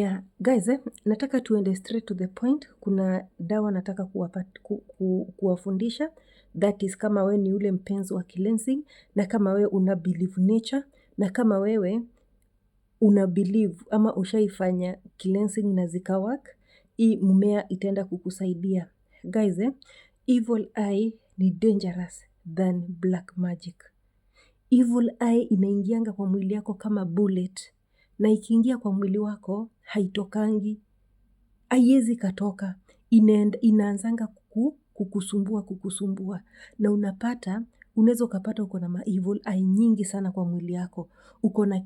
Yeah, guys, eh, nataka tuende straight to the point. Kuna dawa nataka kuwafundisha ku, ku, that is kama we ni ule mpenzi wa cleansing na kama we una believe nature na kama wewe una believe ama ushaifanya cleansing na zika work, hii mmea itaenda kukusaidia guys. Eh, evil eye ni dangerous than black magic. Evil eye inaingianga kwa mwili yako kama bullet, na ikiingia kwa mwili wako haitokangi, haiwezi katoka, inaanzanga kukusumbua kukusumbua. Na unapata, unaweza ukapata uko na ma-evil eye nyingi sana kwa mwili yako. Uko na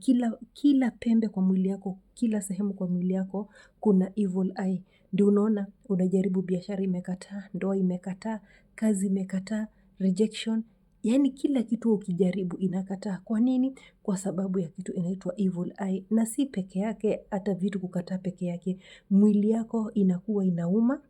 kila pembe kwa mwili yako, kila sehemu kwa mwili yako, kuna evil eye. Ndio unaona, unajaribu biashara imekataa, ndoa imekataa, kazi imekataa, rejection, Yaani kila kitu ukijaribu inakataa. Kwa nini? Kwa sababu ya kitu inaitwa evil eye. Na si peke yake hata vitu kukataa peke yake. Mwili yako inakuwa inauma.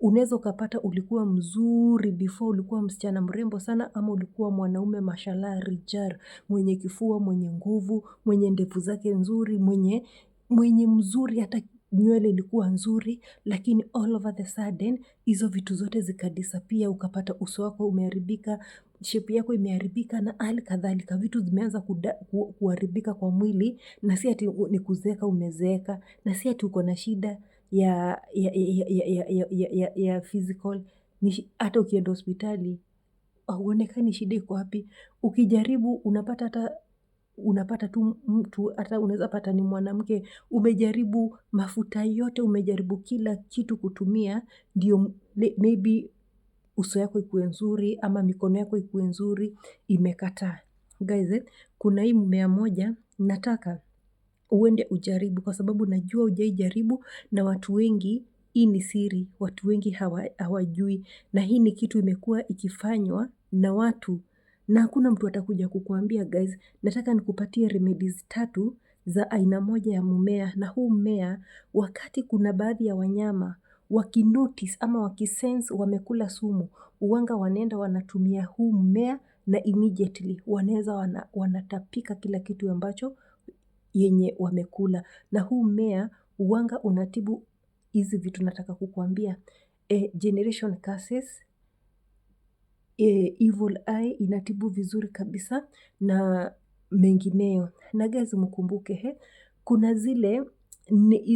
unaweza ukapata ulikuwa mzuri before ulikuwa msichana mrembo sana ama ulikuwa mwanaume mashala rijal mwenye kifua, mwenye nguvu, mwenye ndevu zake nzuri, mwenye mwenye mzuri hata nywele ilikuwa nzuri lakini all over the sudden hizo vitu zote zikadisapia ukapata uso wako umeharibika shape yako imeharibika na hali kadhalika vitu zimeanza kuharibika kwa mwili na si ati ni kuzeeka umezeeka na si ati uko na shida ya ya physical hata ukienda hospitali hauonekani shida iko wapi ukijaribu unapata hata unapata tu mtu hata unaweza pata ni mwanamke umejaribu mafuta yote umejaribu kila kitu kutumia ndio maybe uso yako ikuwe nzuri ama mikono yako ikuwe nzuri imekataa. Guys, eh, kuna hii mmea moja nataka uende ujaribu kwa sababu najua ujaijaribu jaribu na watu wengi hii ni siri, watu wengi hawajui na hii ni kitu imekuwa ikifanywa na watu na hakuna mtu atakuja kukuambia guys, nataka nikupatie remedies tatu za aina moja ya mmea na huu mmea wakati kuna baadhi ya wanyama wakinotice ama wakisense wamekula sumu, uwanga wanaenda wanatumia huu mmea na immediately wanaweza wana, wanatapika kila kitu ambacho yenye wamekula. Na huu mmea uwanga unatibu hizi vitu nataka kukuambia. E, generation curses, e, evil eye inatibu vizuri kabisa na mengineyo. Na guys mkumbuke he, kuna zile,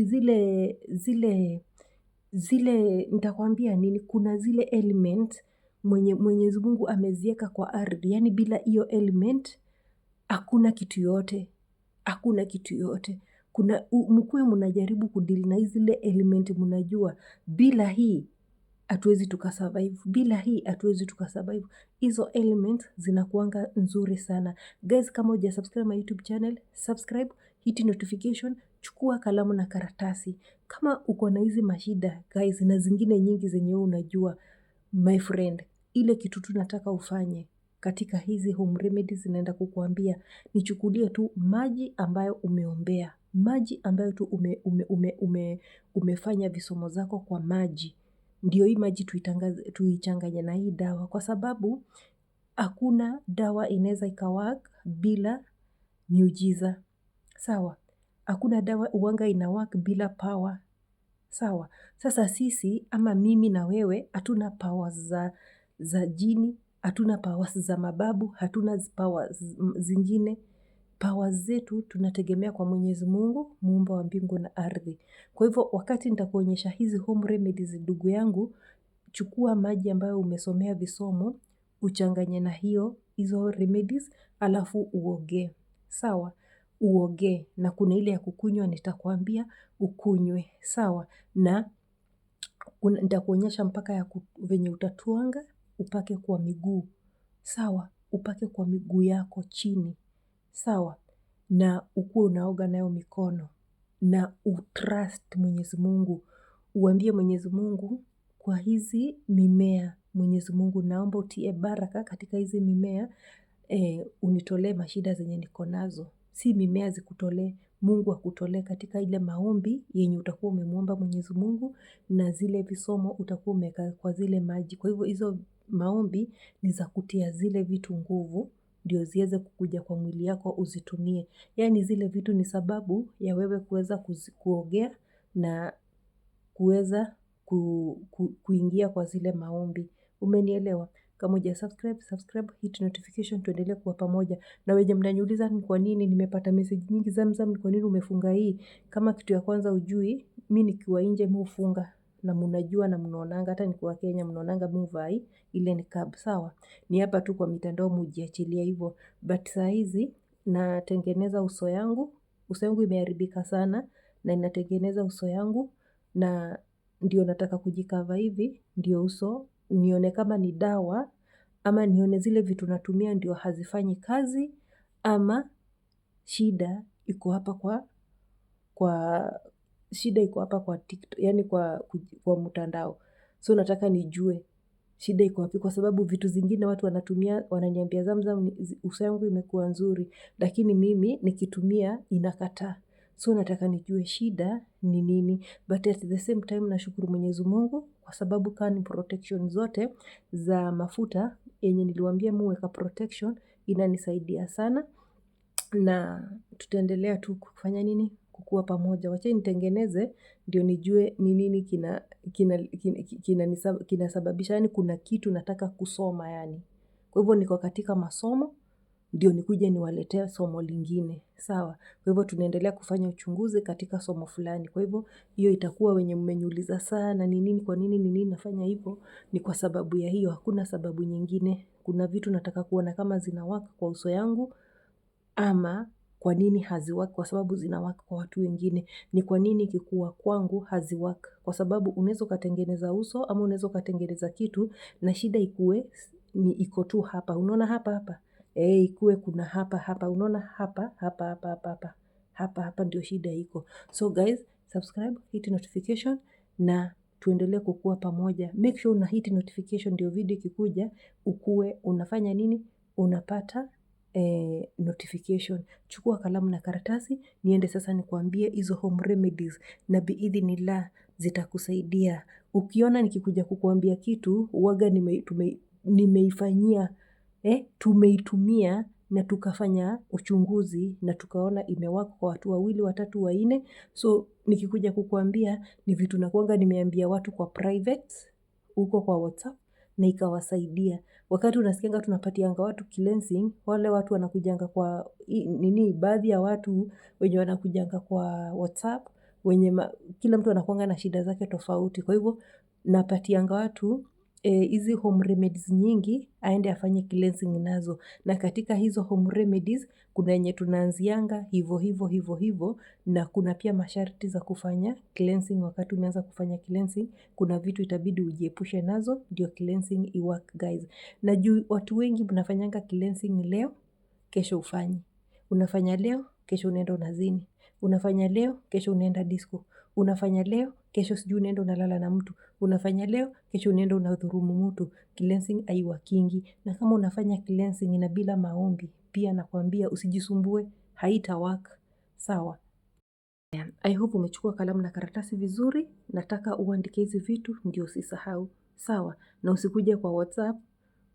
zile, zile zile, nitakwambia nini, kuna zile element mwenyezi mungu amezieka kwa ardhi, yaani bila hiyo element, hakuna kitu yote hakuna kitu yote Kuna mkuwe mnajaribu kudili na zile element mnajua, bila hii hatuwezi tukasurvive, bila hii hatuwezi tukasurvive. Hizo element zinakuanga nzuri sana. Guys kama hujasubscribe my YouTube channel, subscribe, hit notification, chukua kalamu na karatasi kama uko na hizi mashida guys na zingine nyingi zenye wewe unajua, my friend, ile kitu tunataka ufanye katika hizi home remedies zinaenda kukuambia, nichukulie tu maji ambayo umeombea, maji ambayo tu ume, ume, ume, ume, umefanya visomo zako kwa maji, ndio hii maji tuichanganye na hii dawa, kwa sababu hakuna dawa inaweza ikawak bila miujiza. Sawa, hakuna dawa uwanga ina work bila power. Sawa, sasa sisi ama mimi na wewe hatuna powers za jini, hatuna powers za mababu, hatuna powers zingine. Powers zetu tunategemea kwa mwenyezi mungu, muumba wa mbingu na ardhi. Kwa hivyo wakati nitakuonyesha hizi home remedies ndugu yangu, chukua maji ambayo umesomea visomo, uchanganye na hiyo, hizo remedies, alafu uogee. Sawa, uogee na kuna ile ya kukunywa nitakuambia ukunywe sawa na nitakuonyesha mpaka ya venye utatuanga upake kwa miguu sawa upake kwa miguu yako chini sawa na ukuwe unaoga nayo mikono na utrust mwenyezi mungu uambie mwenyezi mungu kwa hizi mimea mwenyezi mungu naomba utie baraka katika hizi mimea eh, unitolee mashida zenye niko nazo si mimea zikutolee mungu akutolee katika ile maombi yenye utakuwa umemwomba mwenyezi mungu na zile visomo utakuwa umeka kwa zile maji. Kwa hivyo hizo maombi ni za kutia zile vitu nguvu ndio ziweze kukuja kwa mwili yako uzitumie. Yaani zile vitu ni sababu ya wewe kuweza kuogea na kuweza kuingia kwa zile maombi. Umenielewa kama uja subscribe, subscribe, hit notification tuendelee kuwa pamoja. Na wenye mnaniuliza ni kwa nini nimepata message nyingi Zamzam, ni kwa nini umefunga hii? Kama kitu ya kwanza ujui, mi nikiwa nje mi hufunga na mnajua na mnaonanga, hata nikiwa Kenya mnaonanga hii ile ni kab sawa, ni hapa tu kwa mitandao mujiachilia hivyo. But saa hizi natengeneza uso yangu, uso yangu imeharibika sana na inatengeneza uso yangu, na ndio nataka kujikava hivi, ndio uso nione kama ni dawa ama nione zile vitu natumia ndio hazifanyi kazi ama shida iko hapa kwa kwa shida iko hapa kwa tiktok yaani kwa mtandao so nataka nijue shida iko wapi kwa sababu vitu zingine watu wanatumia wananiambia zamzam uso yangu imekuwa nzuri lakini mimi nikitumia inakataa so nataka nijue shida ni nini but at the same time nashukuru mwenyezi mungu kwa sababu kaa ni protection zote za mafuta yenye niliwambia muweka protection inanisaidia sana na tutaendelea tu kufanya nini kukua pamoja wacheni nitengeneze ndio nijue ni nini kinasababisha yani kuna kitu nataka kusoma yaani. Kwa hivyo niko katika masomo ndio nikuje niwaletee somo lingine. Sawa, kwa hivyo tunaendelea kufanya uchunguzi katika somo fulani. Kwa hivyo, hiyo itakuwa wenye mmenyuliza sana, ni nini kwa nini, ni nini nafanya hivyo, ni kwa sababu ya hiyo, hakuna sababu nyingine. Kuna vitu nataka kuona kama zinawaka kwa uso yangu, ama kwa nini haziwaki kwa sababu zinawaka kwa watu wengine. Ni kwa nini kikuwa kwangu haziwaki. Kwa sababu unaweza ukatengeneza uso ama unaweza ukatengeneza kitu na shida ikuwe ni iko tu hapa. Unaona hapa hapa ee ikue kuna hapa hapa unaona hapa hapa hapa hapa hapa hapa hapa ndio shida iko so guys subscribe hit notification na tuendelee kukua pamoja make sure una hit notification ndio video ikikuja ukue unafanya nini unapata eh, notification chukua kalamu na karatasi niende sasa nikuambie hizo home remedies na biidhinillah zitakusaidia ukiona nikikuja kukuambia kitu uwaga nime, tume, nimeifanyia Eh, tumeitumia na tukafanya uchunguzi na tukaona imewaka kwa watu wawili, watatu, wanne. So nikikuja kukuambia ni vitu nakuanga nimeambia watu kwa private, huko kwa WhatsApp na ikawasaidia. Wakati unasikianga tunapatianga watu cleansing, wale watu wanakujanga kwa nini, baadhi ya watu wenye wanakujanga kwa WhatsApp, wenye kila mtu anakuanga na shida zake tofauti. Kwa hivyo napatianga watu Eh, hizi e, home remedies nyingi aende afanye cleansing nazo na katika hizo home remedies kuna yenye tunaanzianga hivyo hivyo hivyo hivyo, na kuna pia masharti za kufanya cleansing wakati umeanza kufanya cleansing kuna vitu itabidi ujiepushe nazo ndio cleansing iwork guys na juu watu wengi mnafanyanga cleansing leo kesho ufanye, unafanya leo kesho unaenda unazini unafanya leo kesho unaenda disco unafanya leo kesho sijui unaenda unalala na mtu, unafanya leo, kesho unaenda unadhurumu mtu. Cleansing haiwakingi, na kama unafanya cleansing na bila maombi, pia nakwambia usijisumbue, haita work. Sawa. I hope umechukua kalamu na karatasi vizuri, nataka uandike hizi vitu ndio usisahau. Sawa, na usikuje kwa WhatsApp,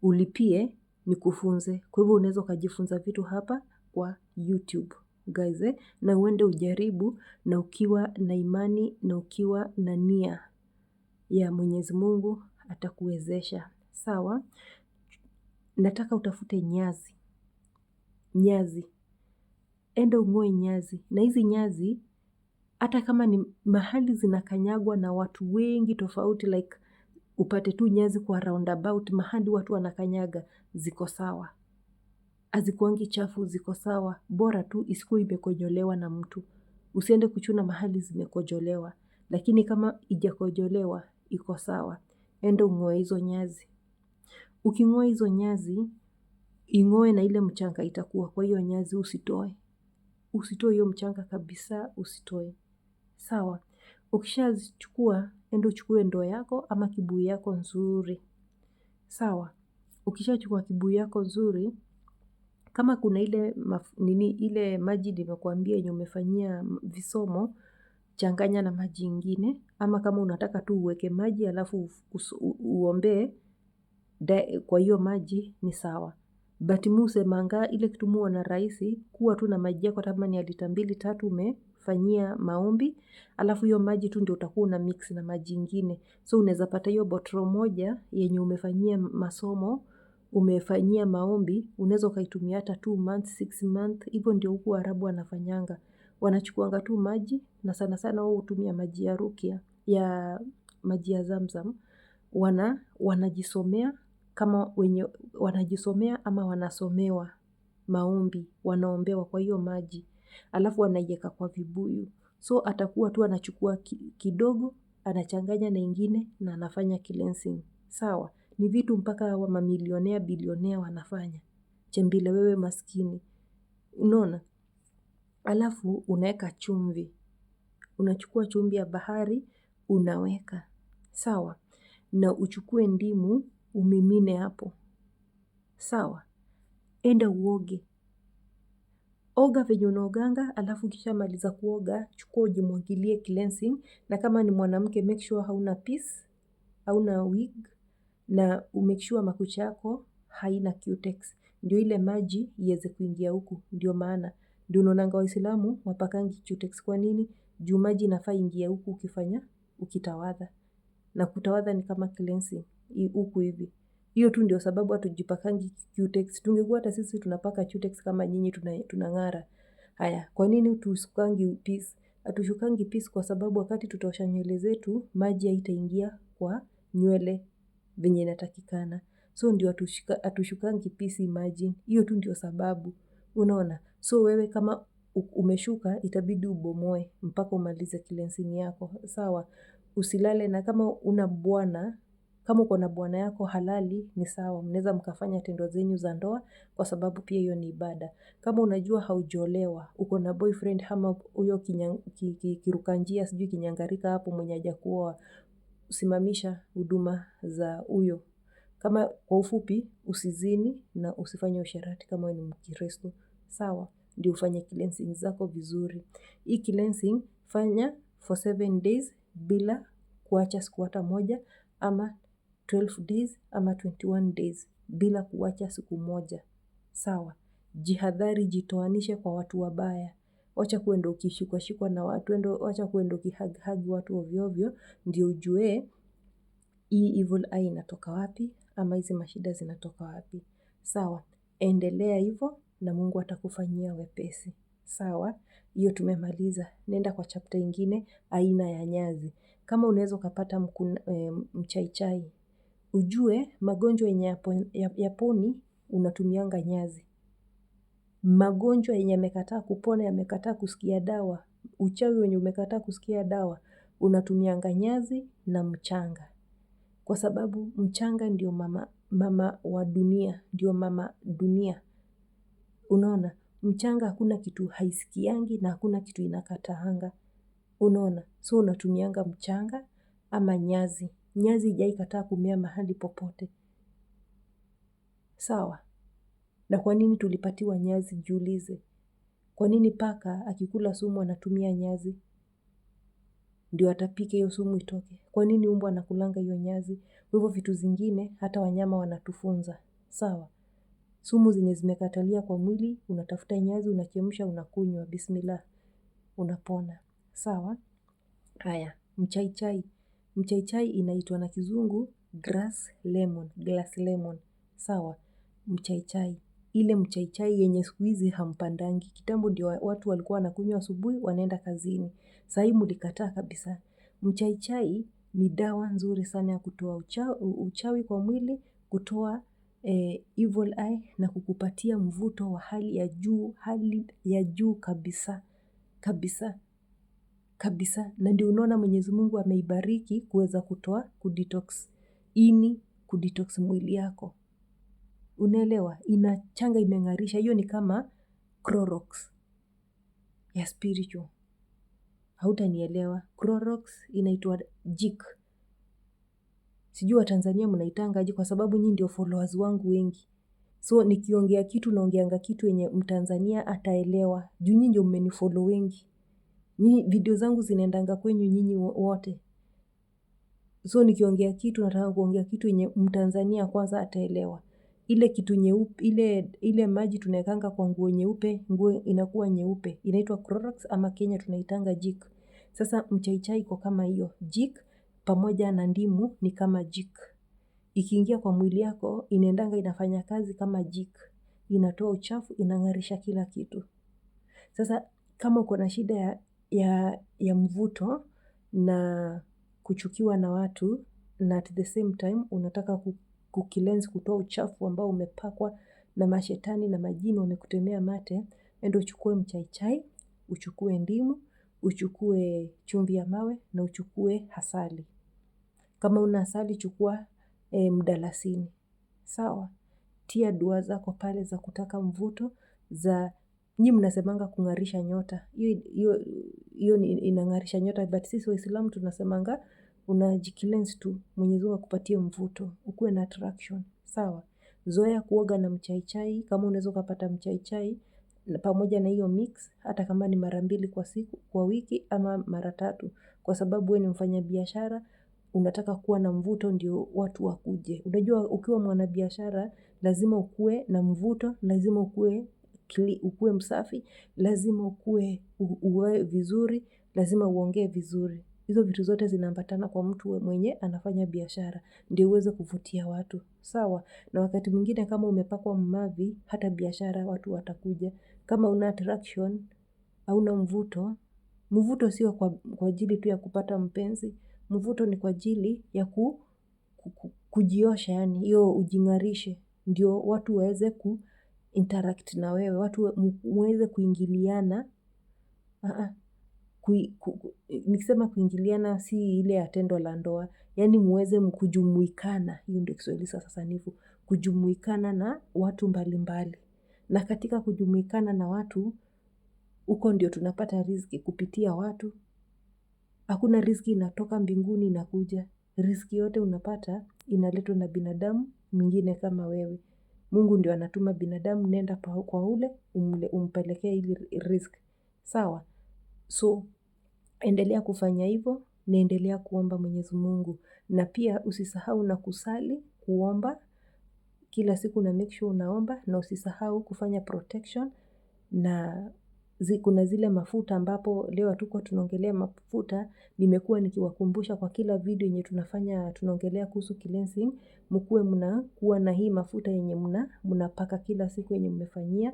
ulipie nikufunze. Kwa hivyo unaweza ukajifunza vitu hapa kwa YouTube eh, na uende ujaribu na ukiwa na imani na ukiwa na nia ya mwenyezi mungu atakuwezesha. Sawa, nataka utafute nyazi, nyazi, enda ung'oe nyazi. Na hizi nyazi, hata kama ni mahali zinakanyagwa na watu wengi tofauti like upate tu nyazi kwa roundabout mahali watu wanakanyaga ziko sawa azikuangi chafu ziko sawa, bora tu isiku imekojolewa na mtu. Usiende kuchuna mahali zimekojolewa, lakini kama ijakojolewa, iko sawa. ende ung'oe hizo nyazi. Uking'oa hizo nyazi, ing'oe na ile mchanga itakuwa kwa hiyo nyazi usitoe. Usitoe hiyo mchanga kabisa usitoe. Sawa, ukishazichukua, ende uchukue ndoo yako ama kibuyu yako nzuri. Sawa, ukishachukua kibuyu yako nzuri, kama kuna ile nini ile maji nimekuambia yenye umefanyia visomo, changanya na maji ingine. Ama kama unataka tu uweke maji alafu uombee kwa hiyo maji ni sawa. But mi husemanga ile kitu mi na rahisi kuwa tu na maji yako hata ni lita mbili tatu umefanyia maombi Alafu hiyo maji tu ndio utakuwa una mix na maji ingine So unaweza pata hiyo botro moja yenye umefanyia masomo umefanyia maombi, unaweza ukaitumia hata two months, six months, hivyo ndio huku arabu wanafanyanga. Wanachukuanga tu maji na sana sana wao hutumia maji ya rukia ya maji ya zamzam. Wanajisomea kama wenye wanajisomea ama wanasomewa maombi, wanaombewa kwa hiyo maji. Alafu wanaiweka kwa vibuyu. So atakuwa tu anachukua kidogo, anachanganya na ingine na anafanya cleansing. Sawa, ni vitu mpaka wa mamilionea bilionea wanafanya. Chembile wewe maskini. Unaona, alafu unaweka chumvi. Unachukua chumvi ya bahari, unaweka. Sawa, na uchukue ndimu umimine hapo. Sawa, enda uoge. Oga venye unaoganga, alafu ukishamaliza kuoga, chukua ujimwagilie cleansing. Na kama ni mwanamke make sure hauna piece, hauna wig, na umake sure makucha yako haina cutex ndio ile maji iweze kuingia huku ndio maana ndio unaonanga waislamu wapakangi cutex kwa nini juu maji inafaa ingia huku ukifanya ukitawadha na kutawadha ni kama cleansing huku hivi hiyo tu ndio sababu hatujipakangi cutex tungekuwa hata sisi tunapaka cutex kama nyinyi tunang'ara haya kwa nini tusukangi pis hatushukangi pis kwa sababu wakati tutaosha nywele zetu maji haitaingia kwa nywele venye inatakikana. So ndio hatushukangi peace imagine. Hiyo tu ndio sababu. Unaona. So wewe kama umeshuka itabidi ubomoe mpaka umalize cleansing yako. Sawa usilale na kama una bwana, kama uko na bwana yako halali ni sawa. mnaweza mkafanya tendo zenyu za ndoa kwa sababu pia hiyo ni ibada. Kama unajua haujolewa uko na boyfriend ama huyo kiruka njia sijui kinyangarika hapo mwenye hajakuoa kusimamisha huduma za huyo Kama kwa ufupi, usizini na usifanye usharati kama ni mkristo. Sawa, ndio ufanye cleansing zako vizuri. Hii cleansing fanya for seven days bila kuacha siku hata moja ama 12 days ama 21 days bila kuwacha siku moja. Sawa, jihadhari jitoanishe kwa watu wabaya wacha kuenda ukishikwa-shikwa na watu, wacha kuenda ukihag watu ovyo-ovyo, ndio ujue hii evil eye inatoka wapi, ama hizi mashida zinatoka wapi. Sawa, endelea hivo na mungu atakufanyia wepesi. Sawa, hiyo tumemaliza. Nenda kwa chapta ingine, aina ya nyazi. Kama unaweza ukapata eh, mchaichai, ujue magonjwa yenye yaponi unatumianga nyazi magonjwa yenye yamekataa kupona yamekataa kusikia dawa, uchawi wenye umekataa kusikia dawa, unatumianga nyazi na mchanga. Kwa sababu mchanga ndio mama mama wa dunia, ndio mama dunia. Unaona, mchanga hakuna kitu haisikiangi na hakuna kitu inakataanga. Unaona, so unatumianga mchanga ama nyazi. Nyazi ijaikataa kataa kumea mahali popote. Sawa, na kwa nini tulipatiwa nyazi jiulize? Kwa nini paka akikula sumu anatumia nyazi? Ndio atapika hiyo sumu itoke. Kwa nini umbwa anakulanga hiyo nyazi? Kwa hivyo vitu zingine hata wanyama wanatufunza. Sawa. Sumu zenye zimekatalia kwa mwili, unatafuta nyazi, unachemsha, unakunywa, bismillah, unapona. Sawa. Haya, mchaichai. Mchaichai inaitwa na kizungu grass lemon, glass lemon. Sawa, mchaichai ile mchaichai yenye siku hizi hampandangi. Kitambo ndio watu walikuwa wanakunywa asubuhi wanaenda kazini. hii mlikataa kabisa. Mchaichai ni dawa nzuri sana ya kutoa uchawi kwa mwili, kutoa eh, evil eye na kukupatia mvuto wa hali ya juu, hali ya juu kabisa, kabisa, kabisa. Na ndio unaona mwenyezi mungu ameibariki kuweza kutoa kudetox ini, kudetox mwili yako. Unaelewa, inachanga imeng'arisha, hiyo ni kama crorox ya spiritual. Hautanielewa, crorox inaitwa Jik. Sijui watanzania mnaitangaji kwa sababu nyinyi ndio followers wangu wengi. So nikiongea kitu naongeanga kitu yenye mtanzania ataelewa. Juu nyinyi ndio mmenifollow wengi. Nyinyi video zangu zinaendanga kwenyu nyinyi wote. So nikiongea kitu nataka kuongea kitu yenye mtanzania kwanza ataelewa ile kitu nyeupe ile maji tunaekanga kwa nguo nyeupe nguo inakuwa nyeupe inaitwa Clorox ama Kenya tunaitanga jik sasa mchaichai iko kama hiyo jik pamoja na ndimu ni kama jik ikiingia kwa mwili yako inaendanga inafanya kazi kama jik inatoa uchafu inang'arisha kila kitu sasa kama uko na shida ya ya mvuto na kuchukiwa na watu na at the same time unataka ku kukilenzi kutoa uchafu ambao umepakwa na mashetani na majini wamekutemea mate, endo uchukue mchaichai, uchukue ndimu, uchukue chumvi ya mawe na uchukue hasali Kama una hasali chukua e, mdalasini. Sawa, tia dua zako pale za kutaka mvuto za nyi mnasemanga kung'arisha nyota. Hiyo inang'arisha nyota but sisi waislamu tunasemanga Unajikilens tu mwenyezi mungu akupatie mvuto ukuwe na attraction sawa zoea kuoga na mchaichai kama unaweza ukapata mchaichai pamoja na hiyo mix hata kama ni mara mbili kwa siku kwa wiki ama mara tatu kwa sababu we ni mfanyabiashara unataka kuwa na mvuto ndio watu wakuje unajua ukiwa mwanabiashara lazima ukuwe na mvuto lazima ukuwe msafi lazima ukuwe vizuri lazima uongee vizuri. Hizo vitu zote zinaambatana kwa mtu mwenye anafanya biashara. Ndio uweze kuvutia watu. Sawa, na wakati mwingine kama umepakwa mmavi, hata biashara watu watakuja. Kama una attraction, una mvuto, mvuto sio kwa ajili tu ya kupata mpenzi, mvuto ni kwa ajili ya kujiosha yani hiyo ujing'arishe, ndio watu ku interact na wewe, watu muweze kuingiliana. Ah, ah nikisema kuingiliana si ile ya tendo la ndoa, yaani muweze kujumuikana, hiyo ndio kiswahili sasa sanifu, kujumuikana na watu mbalimbali. Na katika kujumuikana na watu, huko ndio tunapata riziki kupitia watu. Hakuna riziki inatoka mbinguni inakuja. Riziki yote unapata inaletwa na binadamu mwingine kama wewe. Mungu ndio anatuma binadamu nenda kwa ule umpelekee hili riziki. Sawa, So endelea kufanya hivyo, naendelea kuomba mwenyezi mungu. Na pia usisahau na kusali, kuomba, kila siku na make sure unaomba na usisahau kufanya protection na kuna zile mafuta ambapo leo hatukuwa tunaongelea mafuta nimekuwa nikiwakumbusha kwa kila video yenye tunafanya tunaongelea kuhusu cleansing mkuwe mnakuwa na hii mafuta yenye mnapaka kila siku yenye mmefanyia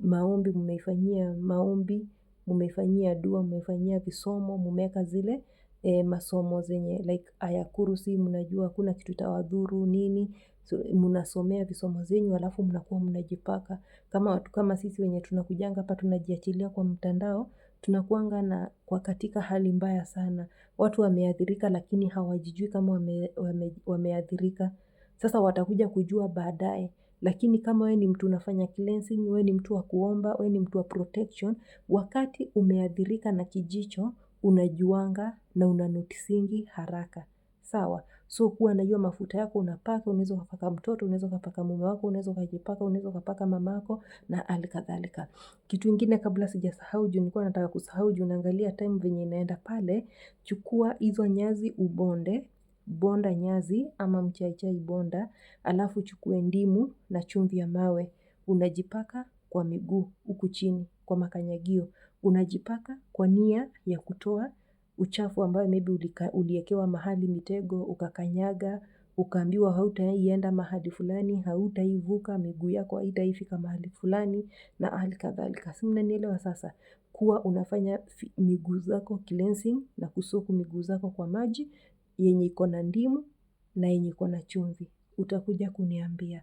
maombi mmeifanyia maombi mumefanyia dua, mumefanyia visomo, mumeweka zile e, masomo zenye like ayakurusi, mnajua hakuna kitu tawadhuru nini, so, mnasomea visomo zenyu, alafu mnakuwa mnajipaka. Kama watu kama sisi wenye tunakujanga hapa tunajiachilia kwa mtandao, tunakuanga na kwa katika hali mbaya sana. Watu wameathirika lakini hawajijui kama wame, wame, wameathirika. Sasa watakuja kujua baadaye. Lakini kama we ni mtu unafanya cleansing, we ni mtu wa kuomba, we ni mtu wa protection, wakati umeadhirika na kijicho, unajuanga na unanotisingi haraka. Sawa, so kuwa na hiyo mafuta yako unapaka, unaweza ukapaka mtoto, unaweza ukapaka mume wako, unaeza ukajipaka, unaeza ukapaka yako na alikadhalika. Kitu ingine kabla sijasahau juu nilikuwa nataka kusahau juu naangalia time venye inaenda pale, chukua hizo nyazi ubonde, bonda nyazi ama mchaichai bonda, alafu uchukue ndimu na chumvi ya mawe, unajipaka kwa miguu huku chini kwa makanyagio, unajipaka kwa nia ya kutoa uchafu ambayo maybe uliekewa mahali mitego, ukakanyaga, ukaambiwa hautaienda mahali fulani, hautaivuka, miguu yako haitaifika mahali fulani na hali kadhalika. Si mnanielewa sasa kuwa unafanya miguu zako cleansing na kusoak miguu zako kwa maji yenye iko na ndimu na yenye iko na chumvi. Utakuja kuniambia.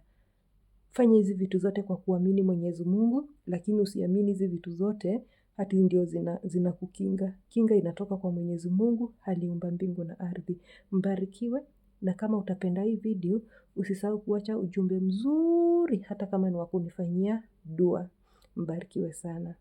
Fanya hizi vitu zote kwa kuamini mwenyezi mungu, lakini usiamini hizi vitu zote hati ndio zinakukinga. Kinga inatoka kwa mwenyezi mungu, aliumba mbingu na ardhi. Mbarikiwe na kama utapenda hii video, usisahau kuacha ujumbe mzuri hata kama ni wakunifanyia dua. Mbarikiwe sana.